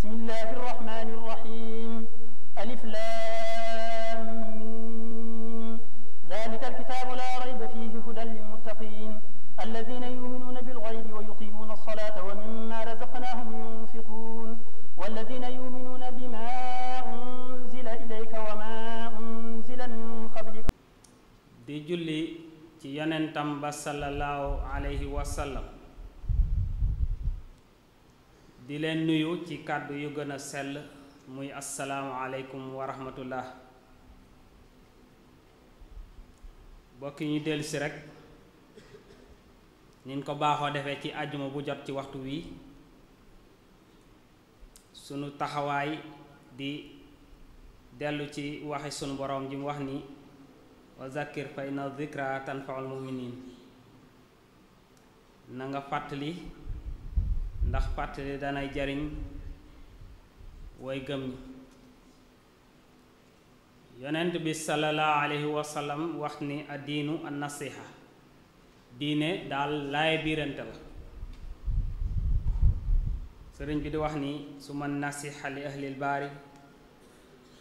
بسم الله الرحمن الرحيم ألف لام ميم ذلك الكتاب لا ريب فيه هدى للمتقين الذين يؤمنون بالغيب ويقيمون الصلاة ومما رزقناهم ينفقون والذين يؤمنون بما أنزل إليك وما أنزل من قبلك دي جولي ci yonentam ba sallallahu alayhi wa sallam di leen nuyu ci kàddu yu gën a sell muy asalaamualeykum wa rahmatullah bokki ñu dellusi rekk niñ ko baaxoo defee ci àjjuma bu jot ci waxtu wi sunu taxawaay di dellu ci waxi sunu boroom ji mu wax ni wa zakkir fa inna zikra tanfaul muminin nga fàttali ndax fàttali danay jariñ woy gëm ñi yonent bi sallallahu alayhi wa sallam wax ni addiinu an diine daal laay biirante la sëriñ bi di wax ni su man nasiha li ahlil baari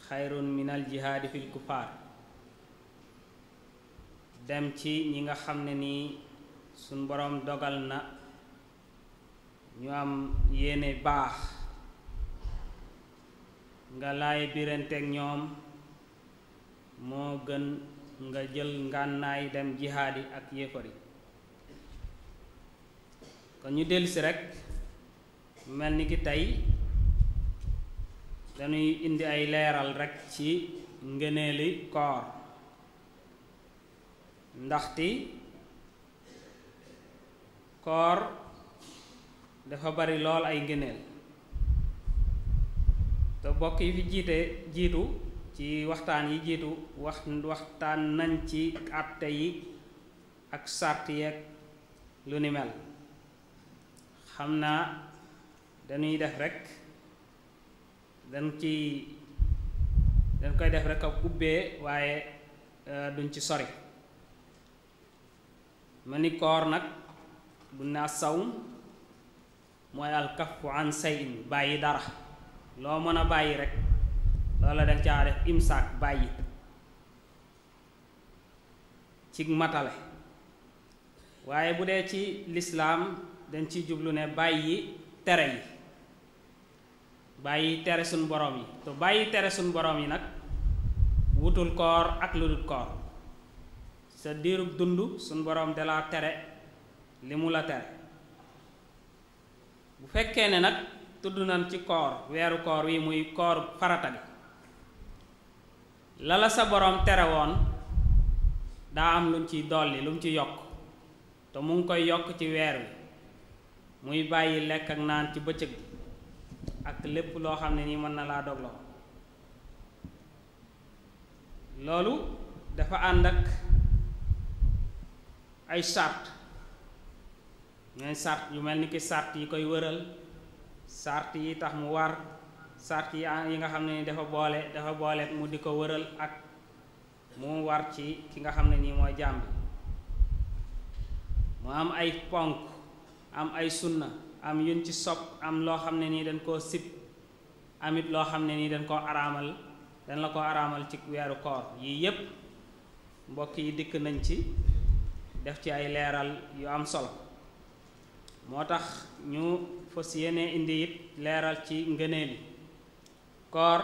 xayrun min al jihaadi fil kufaar dem ci ñi nga xam ne nii suñ boroom dogal na ñu am yéene baax nga laay biranteeg ñoom moo gën nga jël ngànnaay dem jihaad ak yéefar yi kon ñu dellusi rek mel ni ki tey dañuy indi ay leeral rekk ci ngëneeli koor ndaxti koor dafa bari lool ay ngëneel te bokk yi fi jiite jiitu ci waxtaan yi jiitu wax waxtaan nañ ci àtte yi ak sàrt yeeg lu ni mel xam naa dañuy def rekk dañ ci dañ koy def rekk ak ubbee waaye euh, duñ ci sori ma nag bu naa sawm mooy alkafu an bàyyi dara loo mën a bàyyi rek loola danga caa def imsaak bàyyi ci matale waaye bu dee ci lislaam dañ ci jublu ne bàyyi tere yi bàyyi tere suñ borom yi te bàyyi tere suñ boroom yi nag wutul koor ak lu dul koor sa diirub dund suñ borom de la tere li mu la tere bu fekkee ne nag tudd nañ ci koor weeru koor wi muy kooru farata bi lala sa boroom tere woon daa am lu mu ciy dolli lu mu ci yokk te mu ngi koy yokk ci weer wi muy bàyyi lekk ak naan ci bëccëg bi ak lépp loo xam ne nii mën na laa dogloo loolu dafa ànd ak ay sart ñooy sart yu mel ni ki sart yi koy wëral sart yi tax mu war sart yi yi nga xam ne ni dafa boole dafa boole mu di ko wëral ak mu war ci ki nga xam ne nii mooy jaam mu am ay ponk am ay sunna am yuñ ci sopp am loo xam ne nii dañ koo sib amit loo xam ne nii dañ koo araamal dañ ko araamal ci weeru koor yii yépp mbokk yi dikk nañ ci def ci ay leeral yu am solo moo tax ñu fas yéene indi it leeral ci ngëne yi koor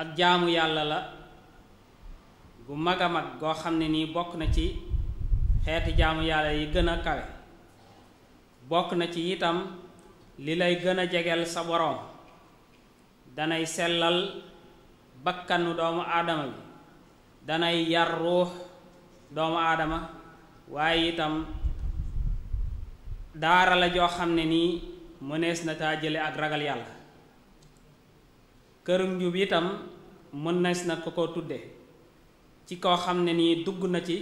ak jaamu yàlla la gu mag a mag goo xam ne nii bokk na ci xeetu jaamu yàlla yi gën a kawe bokk na ci itam li lay gën a jegeel sa boroom danay sellal bakkanu doomu aadama bi danay yar ruux doomu aadama waaye itam daara joo xam ne nii mënees na taa jële ak ragal yàlla kërum njub itam mënees na ko ko tudde ci koo xam ne nii dugg na ci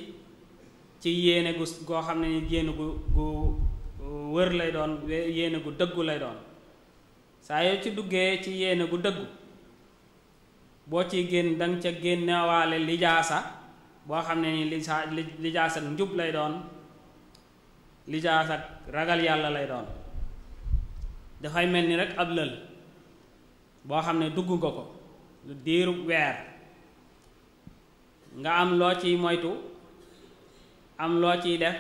ci yéene gu goo xam ne nii yéene gu gu wër lay doon yéene gu dëggu lay doon saa yoo ci duggee ci yéene gu dëggu boo ciy génn danga ca génnewaale lijaasa boo xam ne nii lijaasa lijaasa njub lay doon lijaas ak ragal yàlla lay doon dafay mel ni rek ab lël boo xam ne dugg nga ko lu diiru weer nga am loo ciy moytu am loo ciy def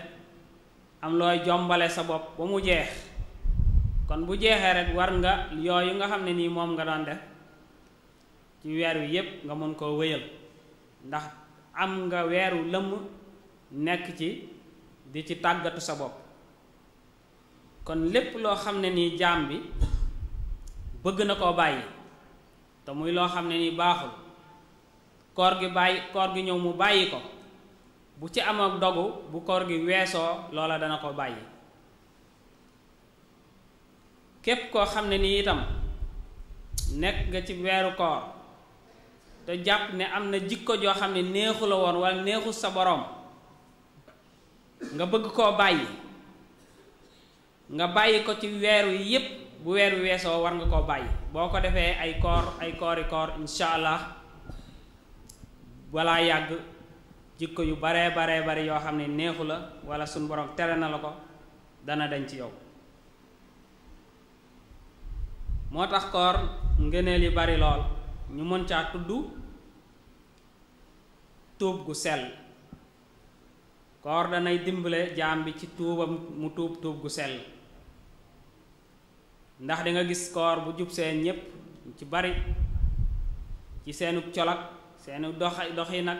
am looy jombale sa bopp ba mu jeex kon bu jeexee rek war nga yooyu nga xam ne nii moom nga doon def ci weer wi yépp nga mën koo wéyal ndax am nga weeru lëmm nekk ci di ci tàggatu sa bopp kon lépp loo xam ne nii jaam bi bëgg na koo bàyyi te muy loo xam ne ni baaxul koor gi bàyyi koor gi ñëw mu bàyyi ko bu ci am dogu bu koor gi weesoo loola dana koo bàyyi képp koo xam ne ni itam nekk nga ci weeru koor te jàpp ne am na jikko joo xam ne neexu la woon walla neexu sa boroom nga bëgg koo bàyyi nga bàyyi ko ci weer wi yépp bu weer wi weesoo war nga koo bàyyi boo ko defee ay koor ay koori koor insha allah balaa yàgg jikko yu baree baree bari yoo xam ne neexu la wala suñ borom tere na la ko dana dañ ci yow moo tax koor ngëneel yi bari lool ñu mën caa tudd tuub gu sell koor danay dimbale jaam bi ci tuubam mu tuub tuub gu sell ndax dinga gis koor bu jub seen ñépp ci bari ci seenu colak seenu dox doxi nag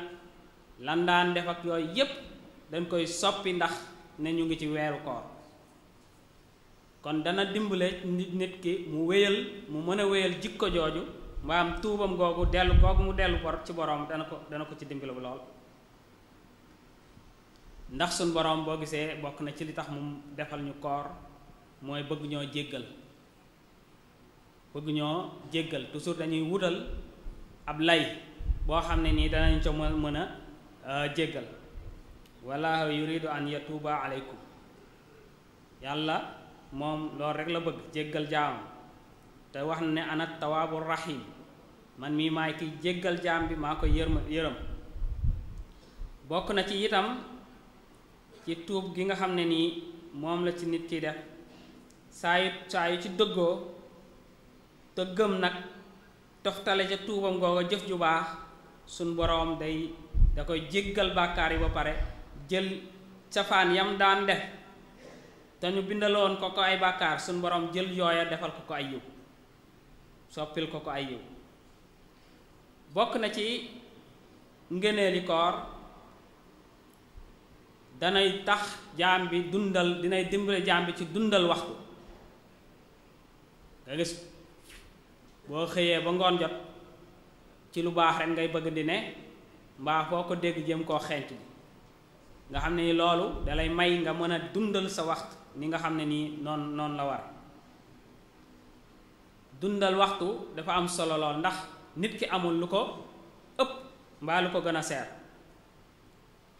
lan daan def ak yooyu yépp dañ koy soppi ndax ne ñu ngi ci weeru koor kon dana dimbale nit ki mu wéyal mu mën a wéyal jikko jooju mbaam tuubam googu dellu googu mu dellu bor ci boroom dana ko dana ko ci dimbale bu lool ndax suñ boroom boo gisee bokk na ci li tax mu defal ñu koor mooy bëgg ñoo jéggal bëgg ñoo jéggal toujours dañuy wutal ab lay boo xam ne nii danañ ca mën a euh, jéggal wallaahu yuridu an yatuuba aleykum yàlla moom loolu rekk la bëgg jéggal jaam te wax na ne ana tawaabu rahim man mii maay ki jéggal jaam bi maa ko yërma yërëm bokk na ci itam ci tuub gi nga xam ne nii moom la ci nit ki def saa yu saa yu ci dëggoo te gëm nag toftale ca tuubam googa jëf ju baax suñ boroom day da koy jéggal bàkkaar yi ba pare jël safaan yam daan def te ñu bindaloon ko ko ay bàkkaar suñ boroom jël yooya defal ko ko ay yiw soppil ko ko ay yiw bokk na ci ngëneeli koor danay tax jaam bi dundal dinay dimbale jaam bi ci dundal waxtu nga gis boo xëyee ba ngoon jot ci lu baax rekk ngay bëgg di ne mbaa foo ko dégg jëm koo xeeñtu bi nga xam ne ni loolu dalay may nga mën a dundal sa waxtu ni nga xam ne nii noonu noonu la war dundal waxtu dafa am solo lool ndax nit ki amul lu ko ëpp mbaa lu ko gën a seer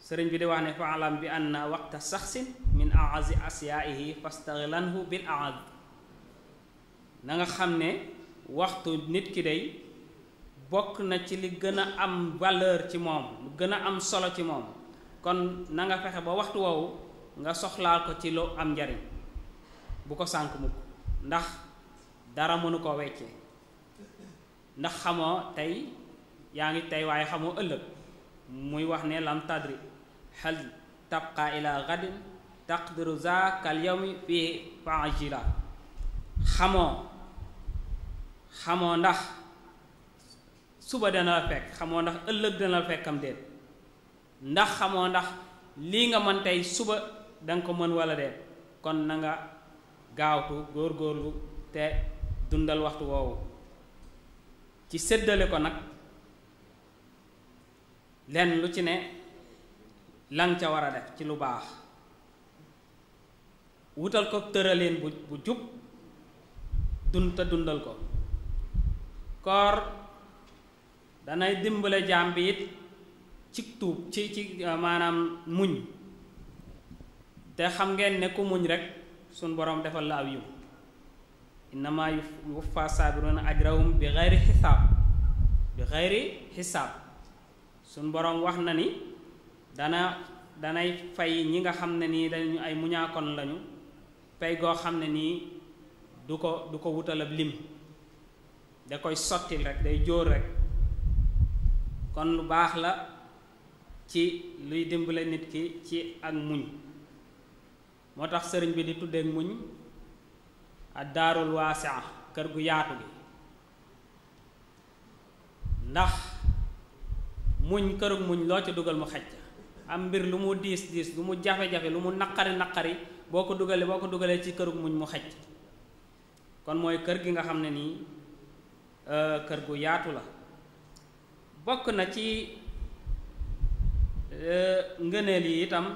sëriñ bi di wax ne faalam bi anna waqta saxsin min aazi asiyaihi fastaghlanhu bil aaz na nga xam ne waxtu nit ki dey bokk na ci li gën a am valeur ci moom gën a am solo ci moom kon na nga fexe ba waxtu woowu nga soxlaal ko ci lu am njariñ bu ko sànk mukk ndax dara mënu koo weccee ndax xamoo tey yaa ngi tey waaye xamoo ëllëg muy wax ne lam tadri hal tabqa ila gadin taqdiru zaakal yawmi fii faajila xamoo xamoo ndax suba dana la fekk xamoo ndax ëllëg dana la fekkam déet ndax xamoo ndax lii nga mën tey suba danga ko mën wala de kon na nga góor góorgóorlu te dundal waxtu woowu ci séddale ko nag lenn lu ci ne lan ca war a def ci lu baax wutal ko tëraleen bu bu jub dun te dundal ko koor danay dimbale jaam bi it ci tuub ci ci euh, maanaam muñ te xam ngeen ne ku muñ rekk suñ boroom defal la aw yiw innama yuwaffa saabiruna ajrahum bi xayri xisaab bi xayri xisaab suñ boroom wax na ni dana danay fay ñi nga xam ne nii dañu ay muñaakon lañu pay goo xam ne nii du ko du ko wutal ab lim da koy sottil rek day jóor rekk kon lu baax la ci luy dimbale nit ki ci ak muñ moo tax sëriñ bi di tuddeek muñ ak daarul waasia kër gu yaatu gi ndax muñ kërug muñ loo ci dugal mu xaj am mbir lu mu diis diis lu mu jafe-jafe lu mu naqari naqari boo ko dugalee boo ko dugalee ci kërug muñ mu xaj kon mooy kër gi nga xam ne nii euh, kër gu yaatu la bokk na ci euh, ngëneel yi itam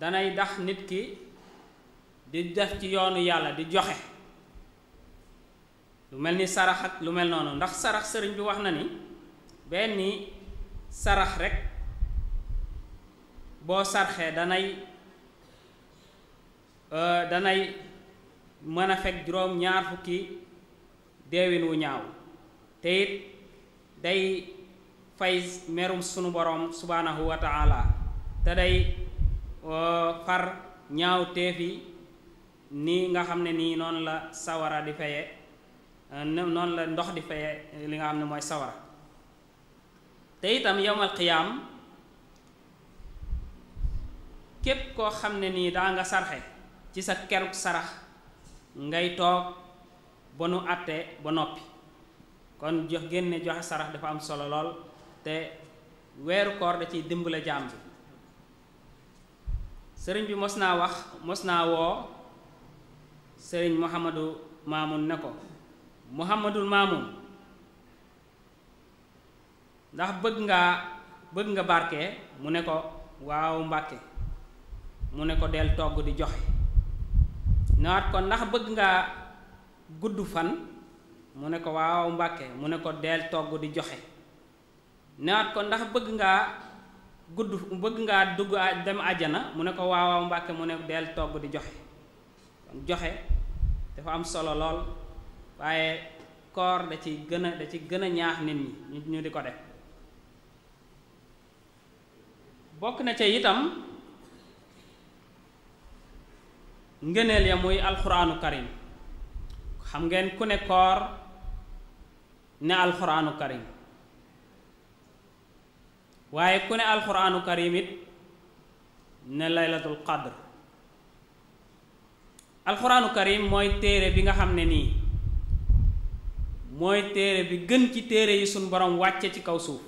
danay dax nit ki di def ci yoonu yàlla di joxe lu mel ni sarax ak lu mel noonu ndax sarax sëriñ bi wax na ni benn sarax rekk boo sarxee danay euh, danay mën a fekk juróom ñaar fukki deewin wu ñaaw te it day fay merum sunu borom subhaanahu wa taala te day euh, far ñaaw teefi nii nga xam ne ni noonu la sawara di faye euh, noonu la ndox di faye li nga xam ne mooy sawara te itam yowmal qiyaam képp koo xam ne nii daa nga sarxe ci sa keruk sarax ngay toog ba nu àttee ba noppi kon jox génne joxe sarax dafa am solo lool te weeru koor da ciy dimbale jaam bi sëriñ bi mos naa wax mos naa woo sëriñ Mouhamadou Mamoun ne ko Mouhamadou Mamoun ndax bëgg ngaa bëgg nga barke mu ne ko waaw Mbàkke mu ne ko del togg di joxe naat ko ndax bëgg ngaa gudd fan mu ne ko waaw mbàkke mu ne ko del togg di joxe naat ko ndax bëgg nga gudd bëgg ngaa dugg dem àjjana mu ne ko waaw waaw mbàkke mu ne del togg di joxe kon joxe dafa am solo lool waaye koor da ci gën a da ci gën a ñaax nit ñi ñu di ko def bokk na ca itam ngëneel ya muy alxuraanu karim xam ngeen ku ne koor ne alxuraanu karim waaye ku ne alxuraanu karim it ne laylatul qadr alxuraanu karim mooy téere bi nga xam ne nii mooy téere bi gën ci téere yi sunu borom wàcce ci kaw suuf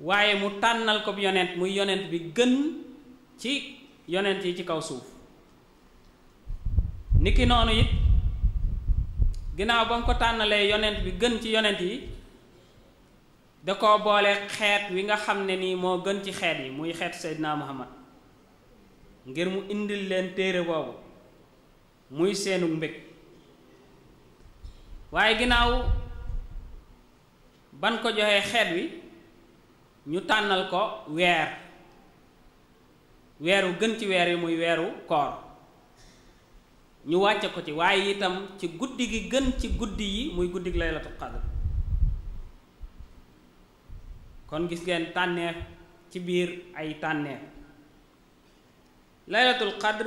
waaye mu tànnal ko yonent muy yonent bi gën ci yonent yi ci kaw suuf ni ki noonu it ginnaaw ba mu ko tànnalee yonent bi gën ci yonent yi da ko boole xeet wi nga xam ne nii moo gën ci xeet yi muy xeet Seydina Muhammad ngir mu indil leen téere boobu muy seenu mbég waaye ginnaaw ban ko joxee xeet wi ñu tànnal ko weer weeru gën ci weer yi muy weeru koor ñu wàcce ko ci waaye itam ci guddi gi gën ci guddi yi muy guddi laylatul qadr kon gis ngeen tànneef ci biir ay tànneef laylatul qadr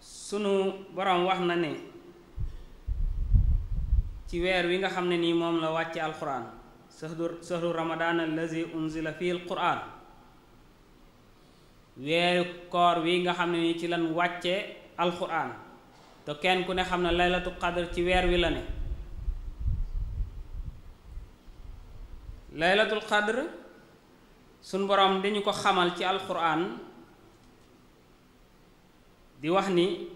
sunu borom wax na ne ci weer wi nga xam ne nii moom la wàcce alxuraan sahru sahru ramadan allazi unzila fi l quran weeru koor wi nga xam ni ci lan wàcce alquran te kenn ku ne xam ne laylatu qadr ci weer wi la ne laylatul qadr suñ boroom dañu ko xamal ci alquran di wax ni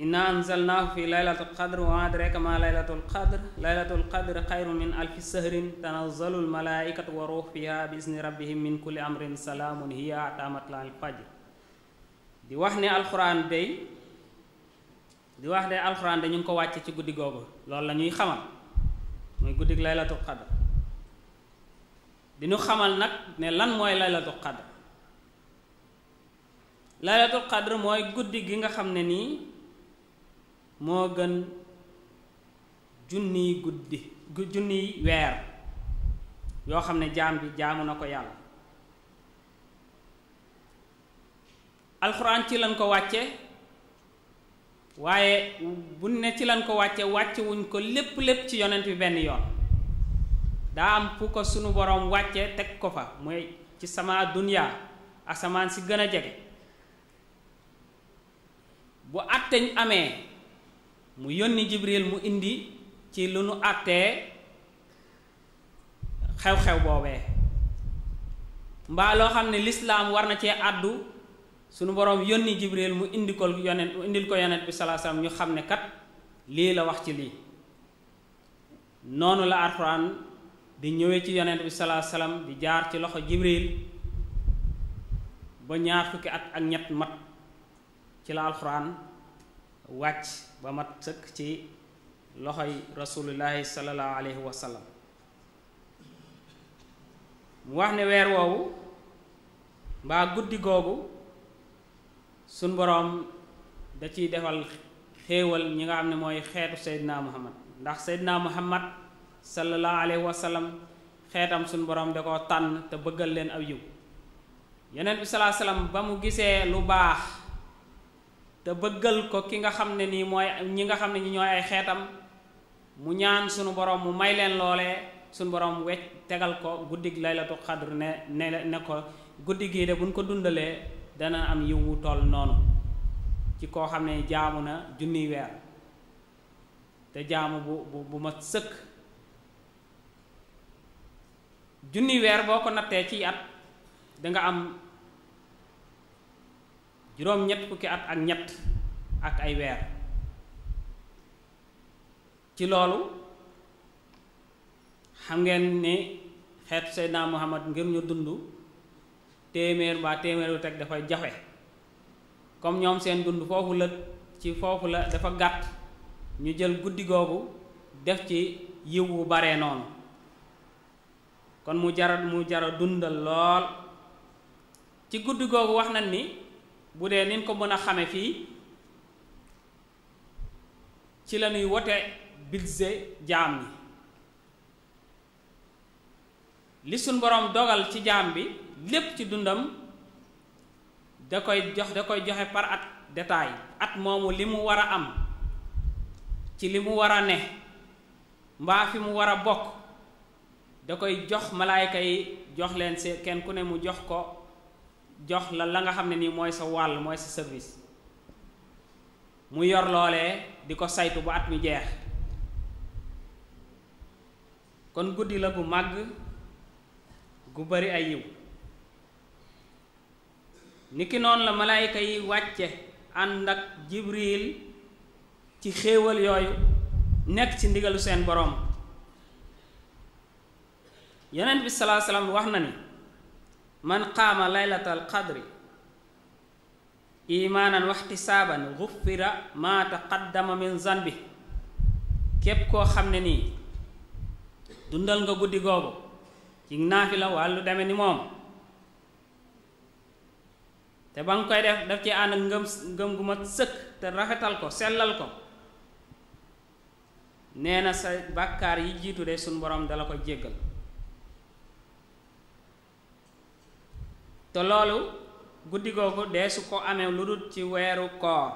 inna anzalnaahu fi laylatul qadr wa adraka ma laylatul qadr laylatul qadr xayrun min alfi sahrin tanazzalul malaaikatu wa ruux fiha bi izni rabbihim min kulli amrin salaamun hiya hatta matla'il di wax ne alxuraan day di wax ne alxuraan day ñu ngi ko wàcce ci guddi googu loolu la ñuy xamal muy guddi laylatul qadr di ñu xamal nag ne lan mooy laylatul qadr laylatul qadr mooy guddi gi nga xam ne nii moo gën junniy guddi junniy weer yoo xam ne jaam bi jaamu na ko yàlla alxuraan ci lañ ko wàcce waaye bu ne ci lañ ko wàcce wàcce wuñ ko lépp lépp ci yonent bi benn yoon daa am fu ko sunu boroom wàcce teg ko fa mooy ci sama dunya asamaan si gën a jege bu àtteñ amee mu yónni jibril mu indi ci lu nu àttee xew-xew boobee mbaa loo xam ne lislaam war na cee àddu sunu boroom yónni jibril mu indi ko yonent mu indil ko yonent bi salaa salaam ñu xam ne kat lii la wax ci lii noonu la alxuraan di ñëwee ci yonent bi salaa salaam di jaar ci loxo jibril ba ñaar fukki at ak ñett mat ci la alxuraan wàcc ba mat sëkk ci loxoy rasulullahi sallallahu alayhi wa sallam mu wax ne weer woowu mbaa guddi googu suñ boroom da ciy defal xéewal ñi nga xam ne mooy xeetu naa muhammad ndax naa muhammad sallallahu alayhi wa sallam xeetam suñ boroom da ko tànn te bëggal leen aw yiw yeneen bi salaa ba mu gisee lu baax te bëggal ko ki nga xam ne nii mooy ñi nga xam ne ñi ñooy ay xeetam mu ñaan sunu borom mu may leen loole sunu borom wecc tegal ko guddig laylatu xadr ne ne ne ko guddi gii de buñ ko dundalee dana am yiwu toll noonu ci koo xam ne jaamu na junniy weer te jaamu bu bu bu mat sëkk junniy weer boo ko nattee ci at danga am juróom ñett fukki at ak ñett ak ay weer ci loolu xam ngeen ni xeetu Seydina Muhammad ngir ñu dund téeméer mbaa téeméer teg dafay jafe comme ñoom seen dund foofu la ci foofu la dafa gàtt ñu jël guddi googu def ci yiw wu baree noonu kon mu jara mu jara dundal lool ci guddi googu wax nañ ni bu dee nin ko mën a xame fii ci lañuy ñuy wote budget jaam yi li suñ boroom dogal ci jaam bi lépp ci dundam da koy jox da koy joxe par at détail at moomu li mu war a am ci li mu war a ne mbaa fi mu war a bokk da koy jox malaayka yi jox leen seen kenn ku ne mu jox ko jox la la nga xam ne nii mooy sa wàll mooy sa service mu yor loolee di ko saytu bu at mi jeex kon guddi la gu màgg gu bari ay yiw niki noonu la malaayka yi wàcce ànd ak jibril ci xéewal yooyu nekk ci ndigalu seen boroom yonent bi salaa wax na ni man qaama laylatal qadri imaanan waxtisaaban gufira maa taqaddama min bi képp koo xam ne nii dundal nga guddi googu ci naafi la wàllu deme ni moom te ba nga koy def daf ci ànd ngëm ngëm gu ma sëkk te rafetal ko sellal ko nee na sa bàkkaar yi jiitu de suñ borom dala ko jéggal te loolu guddi googu deesu ko amee lu dul ci weeru koor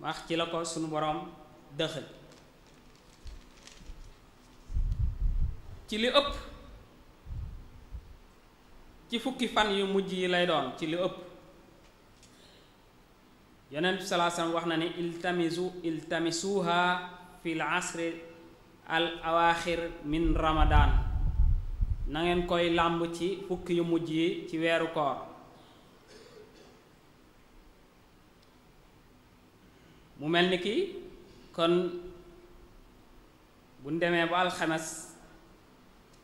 wax ci la ko sunu boroom dëxël ci li ëpp ci fukki fan yu mujj yi lay doon ci li ëpp yonent bi wax na ni iltamisu iltamisuha fi l asri al awaaxir min ramadaan nangeen koy làmb ci fukki yu mujj yi ci weeru koor mu mel ni ki kon bu demee ba alxames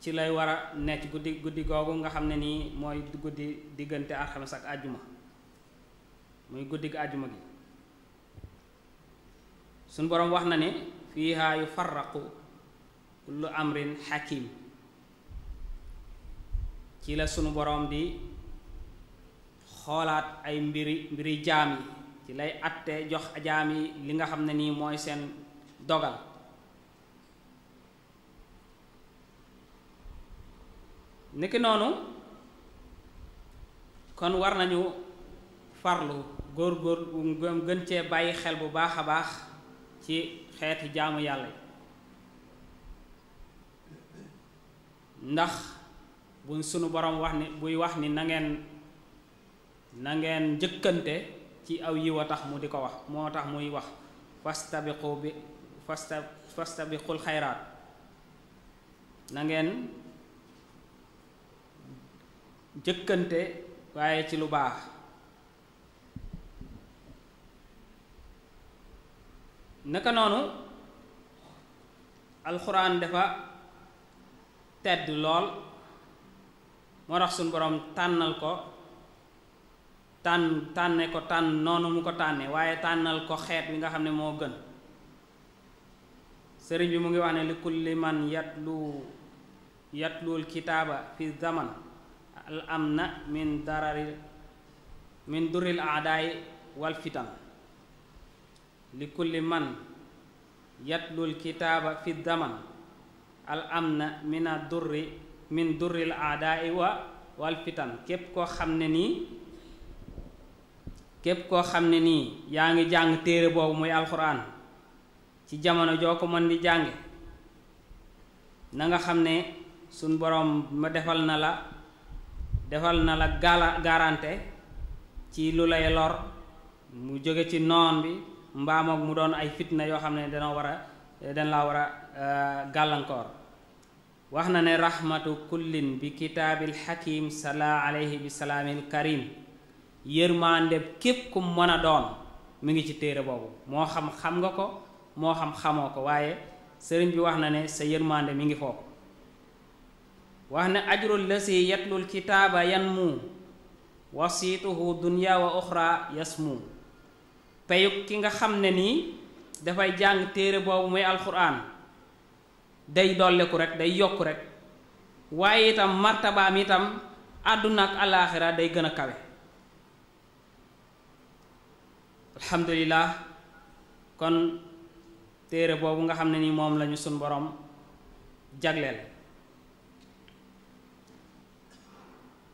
ci lay war a nekk guddi guddi googu nga xam ne nii mooy guddi diggante alxames ak àjjuma muy guddi gi àjjuma gi suñ boroom wax na ne fiihaa yufarraqu kullu amrin hakim ci la sunu boroom bi xoolaat ay mbiri mbiri jaam yi ci lay atte jox jaam yi li nga xam ne nii mooy seen dogal niki noonu kon war nañu farlu góor góor gën cee bàyyi xel bu baax a baax ci xeeti jaamu yàlla yi ndax buñ sunu borom wax ni buy wax ni na ngeen na ngeen jëkkante ci aw yiw a tax mu di ko wax moo tax muy wax fastabiqu bi fasta fastabiqul xayraat na ngeen jëkkante waaye ci lu baax naka noonu alxuraan dafa tedd lool moo tax suñu borom tànnal ko tànn tànne ko tànn noonu mu ko tànne waaye tànnal ko xeet bi nga xam ne moo gën sëriñ bi mu ngi wax ne li kulli man yatlu yatluul kitaaba fi zaman al am na min darari min duril aadaay walfitam fitan li kulli man yatluul kitaaba fi zaman al am na min a durri min la aadaai wa wal fitan képp koo xam ne nii képp koo xam ne nii yaa ngi jàng téere boobu muy alxuraan ci jamono joo ko mën di jànge na nga xam ne suñ boroom ma defal na la defal na la gala garante ci lu lay lor mu jóge ci noon bi mbaamoog mu doon ay fitna yoo xam ne dana war a dan laa war a euh, gàllankoor wax na ne raxmatu kullin bi kitaabil xakim sala alayhi bi salaamil karim yërmaande képp ku mën a doon mu ngi ci téere boobu moo xam xam nga ko moo xam xamoo ko waaye sëriñ bi wax na ne sa yërmaande mi ngi foofu wax ne ajrul lasi yatlul kitaaba yan mu wasiituhu dunya wa uxra yas mu ki nga xam ne nii dafay jàng téere boobu muy alquran day dolleku rek day yokk rek waaye itam martabaam itam àdduna ak alaaxira day gën a kawe alhamdulilah kon téere boobu nga xam ne ni moom lañu suñ boroom jagleel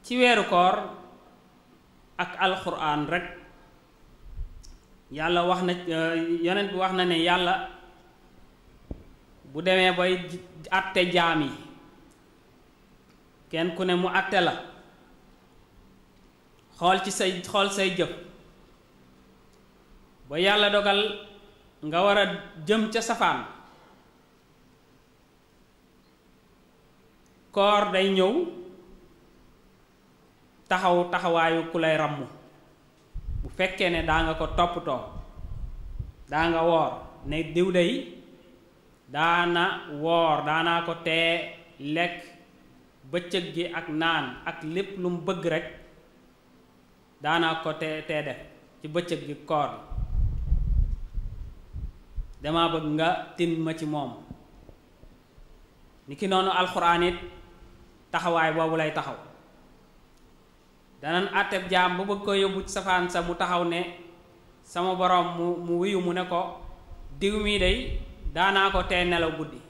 ci weeru koor ak alxuraan rek yàlla wax na yonent wax na ne yàlla bu demee bay àtte jaam yi kenn ku ne mu àtte la xool ci say xool say jëf ba yàlla dogal nga war a jëm ca safaan koor day ñëw taxaw taxawaayu ku lay ràmm bu fekkee ne daa nga ko toppatoo daa nga woor ne diw day daana woor daanaa ko tee lekk bëccëg gi ak naan ak lépp lu mu bëgg rekk daanaa ko tee tee def ci bëccëg gi koor dama bëgg nga tin ma ci moom ni ki noonu alxuraan taxawaay boobu lay taxaw danan àtteb jaam ba bëgg ko yóbbu ci safaan sa mu taxaw ne sama boroom mu mu wuyu mu ne ko diw mii day daanaa ko tey nelaw guddi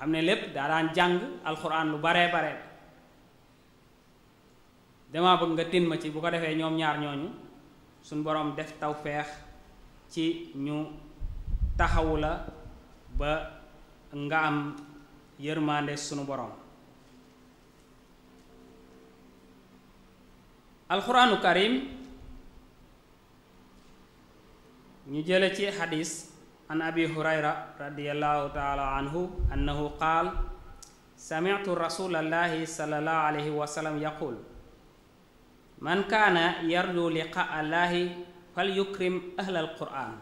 xam ne lépp daa daan jàng alxuraan lu baree bare dama bëgg nga tin ma ci bu ko defee ñoom ñaar ñooñu suñ boroom def tawfeex ci ñu taxawu la ba nga am yërmande sunu boroom alxuraanu karim ñu jële ci xadiis an abi hurayra radiallahu taala anhu annahu qaal samitu rasulallaahi salallahu alayhi wa sallam yaqul man kaana yarju liqaa allaahi fal yukrim ahlal qur'an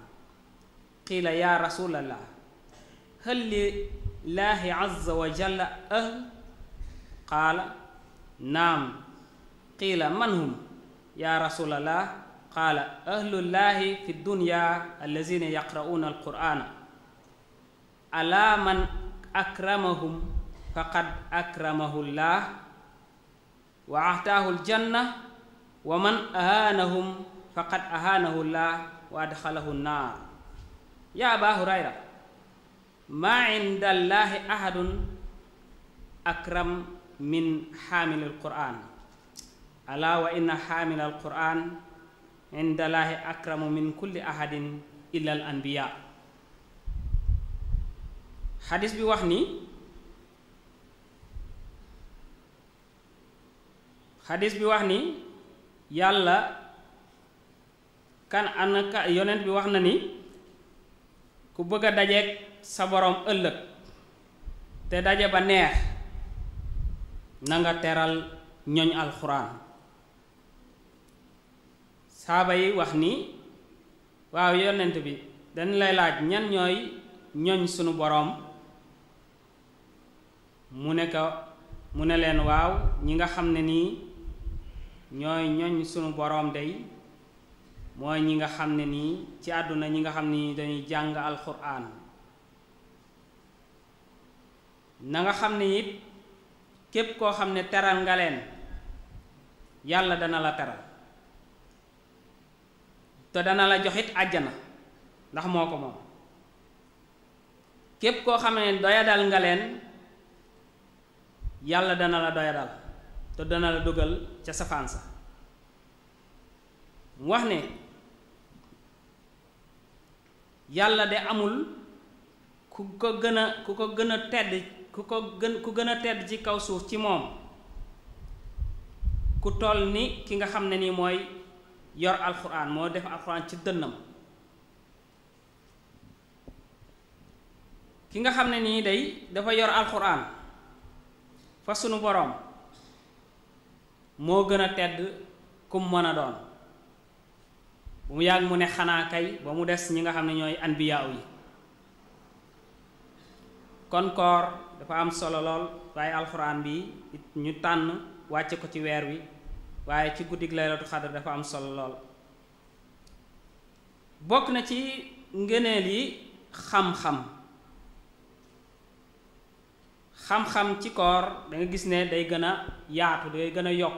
qiila yaa rasulallah hal lillaahi azza wa jalla ahl qaala naam qiila man hum yaa rasulallah qaala ahlullaahi fi dunya allazina yaqra'uuna alqur'ana alaa man akramahum faqad akramahullah wa ahtaahu aljanna wa man ahaanahum faqad ahaanahullah wa adxalahu nnaar yaa abaa hurayra maa inda allaahi ahadun akram min xaamili alqur'an alaa wa inna xaamila alqur'an indallaahi akramu min kulli ahadin xadis bi wax ni xadis bi wax ni yàlla kan an yonent bi wax na ni ku bëgg a dajeeg sa boroom ëllëg te daje ba neex na nga teral ñoñ alxuraan taaba yi wax ni waaw yonent bi dañ lay laaj ñan ñooy ñoñ sunu boroom mu ne ko mu ne leen waaw ñi nga xam ne nii ñooy ñoñ sunu boroom dey mooy ñi nga xam ne nii ci àdduna ñi nga xam ne nii dañuy jàng alxuraan na nga xam ne it képp koo xam ne teral nga leen yàlla dana la teral te dana la joxit àjjana ndax moo ko moom képp koo xam ne doyadal nga leen yàlla dana la doyadal te dana la dugal ca safaan mu wax ne yàlla de amul ku ko gën a ku ko gën a tedd ku ko gën ku gën a tedd ci kaw suuf ci moom ku toll ni ki nga xam ne ni mooy yor alxuraan moo def alxuraan ci dënnam ki nga xam ne nii day dafa yor alxuraan fa sunu boroom moo gën a tedd kum mën a doon bu mu yàgg mu ne xanaa kay ba mu des ñi nga xam ne ñooy anbiyaaw yi kon koor dafa am solo lool waaye alxuraan bi ñu tànn wàcce ko ci weer wi waaye ci guddig laylatu xadar dafa am solo lool bokk na ci ngëneel yi xam-xam xam-xam ci koor da gis ne day gën a yaatu day gën a yokk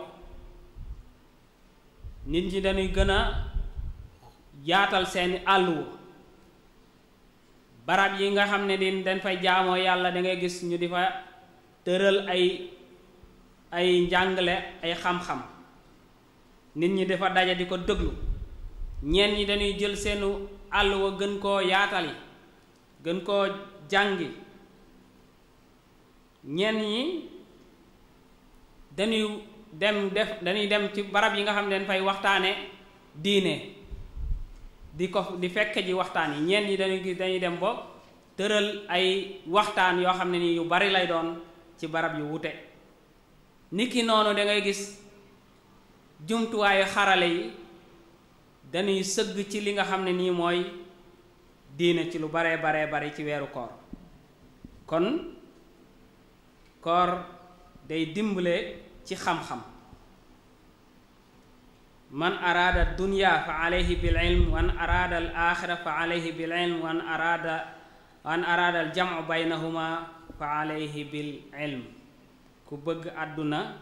nit ñi dañuy gën a yaatal seeni àlluwa barab yi nga xam ne ni dañ fay jaamoo yàlla da ngay gis ñu di fa tëral ay ay njàngale ay xam-xam nit ñi dafa daje di ko déglu ñeen ñi dañuy jël seenu àll wa gën koo yaatal gën koo jàngi ñeen ñi dañuy dem def dañuy dem ci barab yi nga xam ne dañ fay waxtaane diine di ko di fekke ji waxtaan yi ñeen ñi dañuy gis dañuy dem ba tëral ay waxtaan yoo xam ne nii yu bari lay doon ci barab yu wute nit noonu da gis jumtuwaayu xarale yi dañuy sëgg ci li nga xam ne nii mooy diine ci lu baree baree bari ci weeru koor kon koor day dimbale ci xam-xam man araada dunya fa alayhi bil ilm wan araada al fa alayhi bil ilm wan araada wan baynahuma fa alayhi bil ilm ku bëgg àdduna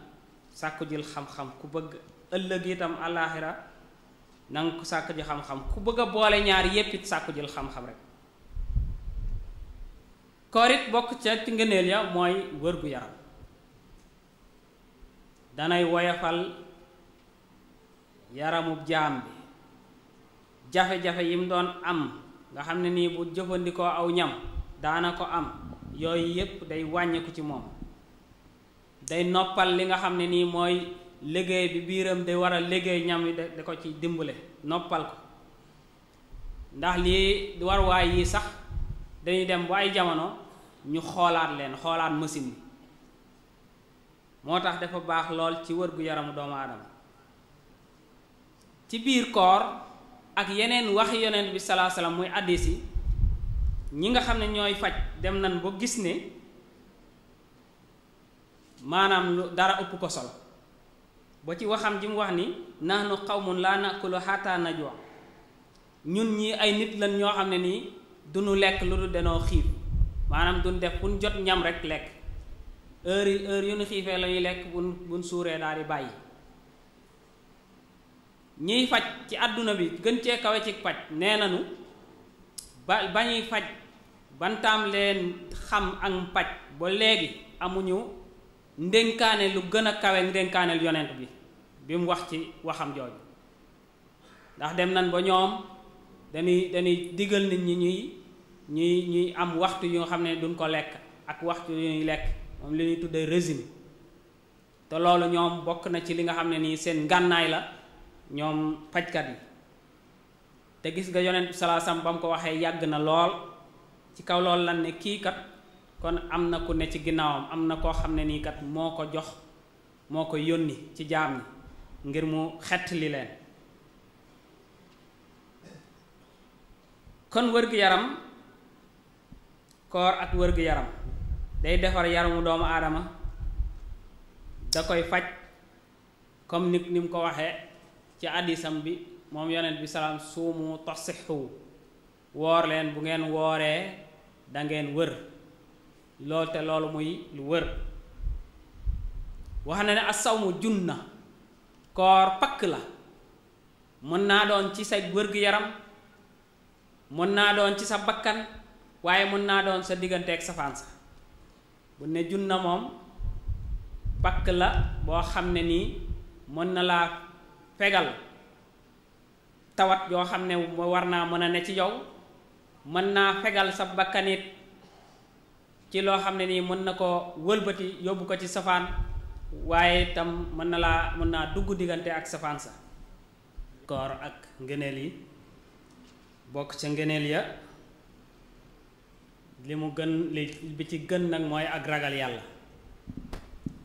sàkku xam-xam ku bëgg ëllëg itam àllaaxira na nga ko sàkk ji xam-xam ku bëgg boole ñaar yépp it sàkku jël xam-xam rek koor it bokk ca ci ya mooy wër-gu-yaram danay woyafal yaramu jaam bi jafe-jafe yi mu doon am nga xam ne nii bu jëfandikoo aw ñam daana ko am yooyu yépp day wàññeeku ci moom day noppal li nga xam ne nii mooy liggéey bi biiram di war a liggéey ñam yi da ko ci dimbale noppal ko ndax lii waruwaay yi sax dañuy dem bu ay jamono ñu xoolaat leen xoolaat machine yi moo tax dafa baax lool ci wër gu yaramu doomu aadama ci biir koor ak yeneen waxi yonent bi salaa muy addis yi ñi nga xam ne ñooy faj dem nan ba gis ne maanaam lu dara ëpp ko solo ba ci waxam ji mu wax ni xaw qawmun laa nakulu na najua ñun ñi ay nit lan ñoo xam ne nii du nu lekk lu dul danoo xiif maanaam duñ def buñ jot ñam rek lekk heure heure yu nu xiifee la lekk buñ bu suuree daal di bàyyi ñiy faj ci àdduna bi gën cee kawe ci paj nee nañu ba ba ñuy faj bantaam leen xam ak paj ba léegi amuñu ndénkaane lu gën a kawe ndénkaaneel yonent bi bi mu wax ci waxam jooju ndax dem nañ ba ñoom dañuy dañuy digal nit ñi ñuy ñuy am waxtu yu nga xam ne duñ ko lekk ak waxtu yu ñuy lekk moom li ñuy tuddee régime te loolu ñoom bokk na ci li nga xam ne nii seen ngànnaay la ñoom pajkat yi te gis nga yonent bi salaasam ba mu ko waxee yàgg na lool ci kaw loolu lan ne kii kat kon am na ku ne ci ginnaawam am na koo xam ne nii kat moo ko jox moo ko yónni ci jaam yi ngir mu xett li leen kon wër-gu-yaram koor ak wër-gu-yaram day defar yaramu doomu aadama da koy faj comme ni ni mu ko waxee ci àddisam bi moom yonent bi salaam suumu tasixu woor leen bu ngeen wooree dangeen wër loolu te loolu muy lu wër wax na mu jun na koor pakk la mën naa doon ci sa wër-gu-yaram mën naa doon ci sa bakkan waaye mën naa doon sa digganteeg safaan sa bu ne na moom pakk la boo xam ne nii mën na laa fegal tawat yoo xam ne war naa mën a ne ci yow mën naa fegal sa bakkanit ci loo xam ne nii mën na koo wëlbati yóbbu ko ci safaan waaye tam mën na laa mën naa dugg diggante ak safaan sa koor ak ngëneel yi bokk ca ngëneel ya li mu gën li bi ci gën nag mooy ak ragal yàlla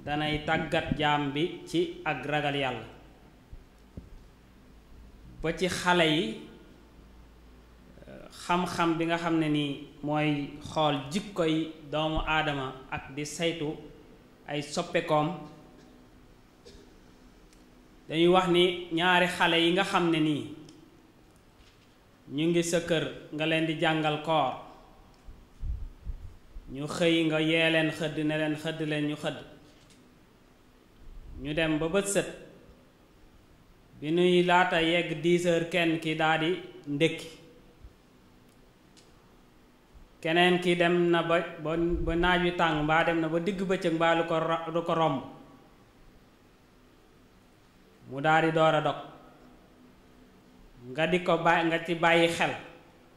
danay tàggat jaam bi ci ak ragal yàlla ba ci xale yi xam-xam bi nga xam ne nii mooy xool jikkoy doomu aadama ak di saytu ay soppekoom dañuy wax ni ñaari xale yi nga xam ne nii ñu ngi sa kër nga leen di jàngal koor ñu xëy nga yee leen xëdd ne leen xëdd leen ñu xëdd ñu dem ba bët sët bi nuy laata yegg dix kenn ki daal di ndékki keneen ki dem na ba ba naaj wi tàng mbaa dem na ba digg bëccëg mbaa lu ko romb mu daldi di door a dog nga di ko bàyyi nga ci bàyyi xel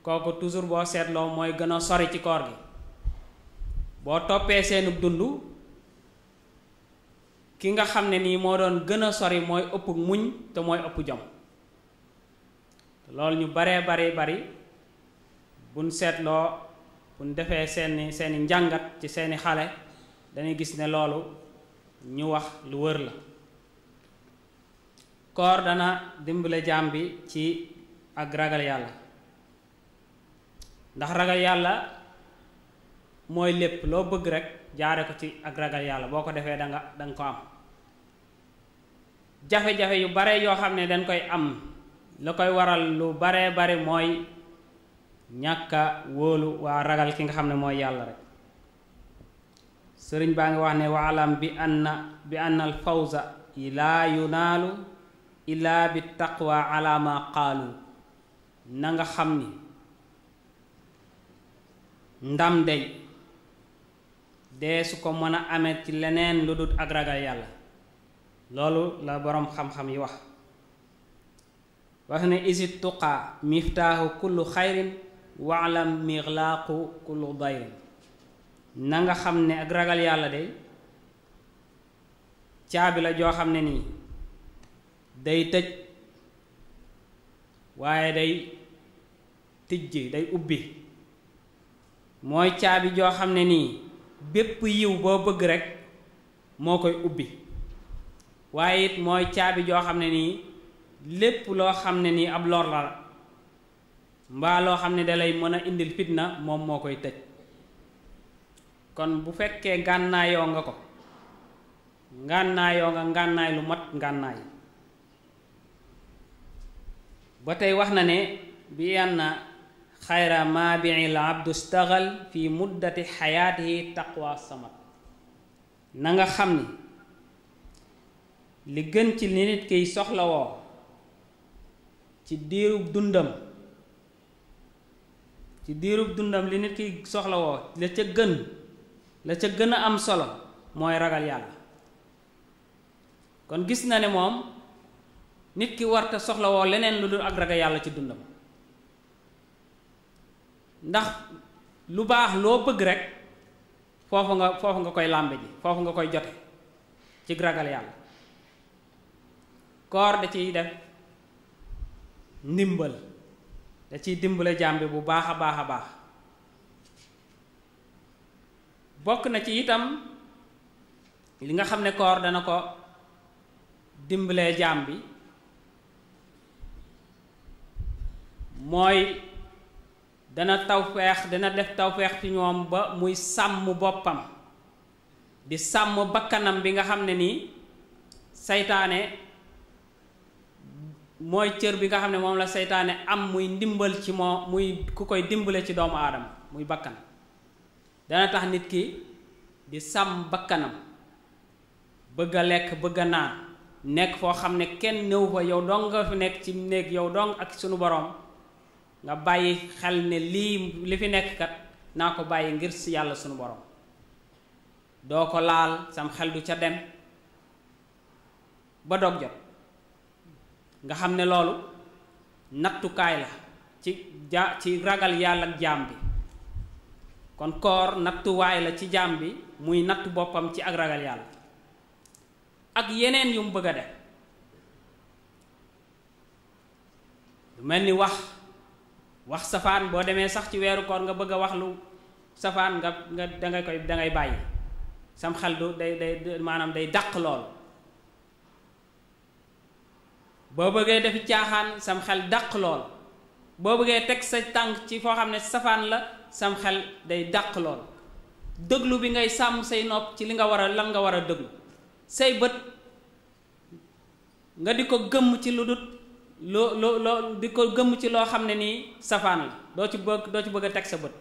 kooku toujours boo seetloo mooy gën a sori ci koor gi boo toppee seenub dund ki nga xam ne nii moo doon gën a sori mooy ëpp muñ te mooy ëpp jom loolu ñu baree bari bari buñ seetloo bu ñu defee seeni seeni njàngat ci seeni xale dañuy gis ne loolu ñu wax lu wër la koor dana dimbale jaam bi ci ak ragal yàlla ndax ragal yàlla mooy lépp loo bëgg rek jaare ko ci ak ragal yàlla boo ko defee danga nga ko am jafe-jafe yu bare yoo xam ne dañ koy am la koy waral lu bare bare mooy ñàkka wóolu waa ragal ki nga xam ne mooy yàlla rek sëriñ baa ngi wax ne waalam bi anna bi anna al fawza laa yunaalu illaa bi taqwa ala ma qaalu na nga xam ni ndam dey dee ko mën a amee ci leneen lu dut ak ragal yàlla loolu la boroom xam-xam yi wax wax ne isit tuqaa miftaahu kullu xayrin waalam mixlaaqu kullu dayrin na nga xam ne ak ragal yàlla de caabi la joo xam ne nii day tëj waaye day tijji day ubbi mooy caabi joo xam ne nii bépp yiw boo bëgg rekk moo koy ubbi waaye it mooy caabi joo xam ne nii lépp loo xam ne nii ab lor la mbaa loo xam ne dalay mën indil fitna moom moo koy tëj kon bu fekkee ngànnaayoo nga ko ngànnaayoo nga ngànnaay lu mat ngànnaay ba tey wax na ne bi ann xayra ma biil abdu stagal fi muddati xayaatihi taqwa samat na nga xam ni li gën ci li nit kiy soxlawoo ci diirub dundam ci diirub dundam li nit ki soxla la ca gën la ca gën a am solo mooy ragal yàlla kon gis na ne moom nit ki warta soxlawoo leneen lu dul ak ragal yàlla ci dundam ndax lu baax loo bëgg rekk foofu nga foofu nga koy làmb ji foofu nga koy jote ci ragal yàlla koor da ciy def ndimbal da ciy dimbale jaam bi bu baax a baax a baax bokk na ci itam li nga xam ne koor dana ko dimbalee jaam bi mooy dana tawfeex dana def tawfeex ci ñoom ba muy sàmm boppam di sàmm bakkanam bi nga xam ne nii seytaane mooy cër bi nga xam ne moom la seytaane am muy ndimbal ci moo muy ku koy dimbale ci doomu aadama muy bakkan dana tax nit ki di sàmm bakkanam bëgg a lekk bëgg a naan nekk foo xam ne kenn néew fa yow dong nga fi nekk ci néeg yow dong ak sunu boroom nga bàyyi xel ne lii li fi nekk kat naa ko bàyyi ngir si yàlla sunu boroom doo ko laal sam xel du ca dem ba dog jot nga xam ne loolu nattukaay la ci ja ci ragal yàlla ak jaam bi kon koor nattuwaay la ci jaam bi muy nattu boppam ci ak ragal yàlla ak yeneen yu mu bëgg a def mel ni wax wax safaan boo demee sax ci weeru koor nga bëgg a wax lu safaan nga nga danga koy dangay bàyyi sam xel du day day maanaam day dàq loolu boo bëggee defi caaxaan sam xel dàq lool boo bëggee teg sa tànk ci foo xam ne safaan la sam xel day dàq lool dëglu bi ngay sàmm say nopp ci li nga war a lan nga war a dëglu say bët nga di ko gëmm ci lu dut loo loo di ko gëmm ci loo xam ne nii safaan la doo ci bëgg doo ci bëgg a teg sa bët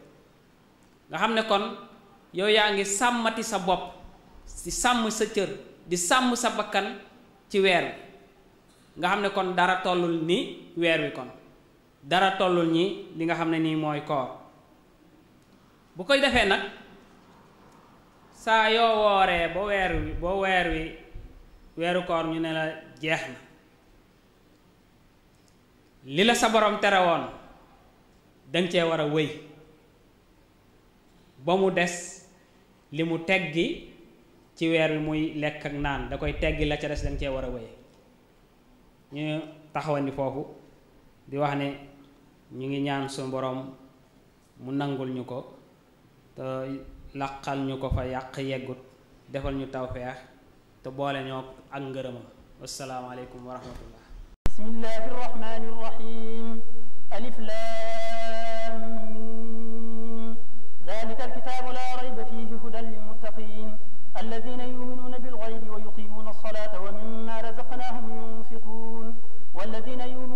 nga xam ne kon yow yaa ngi sàmmati sa bopp di sàmm sa cër di sàmm sa bakkan ci weer nga xam ne kon dara tollu ni weer wi kon dara tollul ñi li nga xam ne nii mooy koor bu koy defee nag saa yoo wooree ba weer wi ba weer wi weeru koor ñu ne la jeex na li la sa borom tere woon danga cee war a wéy ba mu des li mu teggi ci weer wi muy lekk ak naan da koy teggi la ca des danga cee war a wéy ñu taxawandi foofu di wax ne ñu ngi ñaan suñu boroom mu nangul ñu ko te laqal ñu ko fa yàq yeggut defal ñu tawfeex te boole ñoo ak ngërëmam wasalaamaaleykum wa rahmatullah bismillahi rahmani rahim alif lam mim dalika alkitabu la rayba fihi hudan lilmuttaqin alladina yuminuna الذين يؤمنون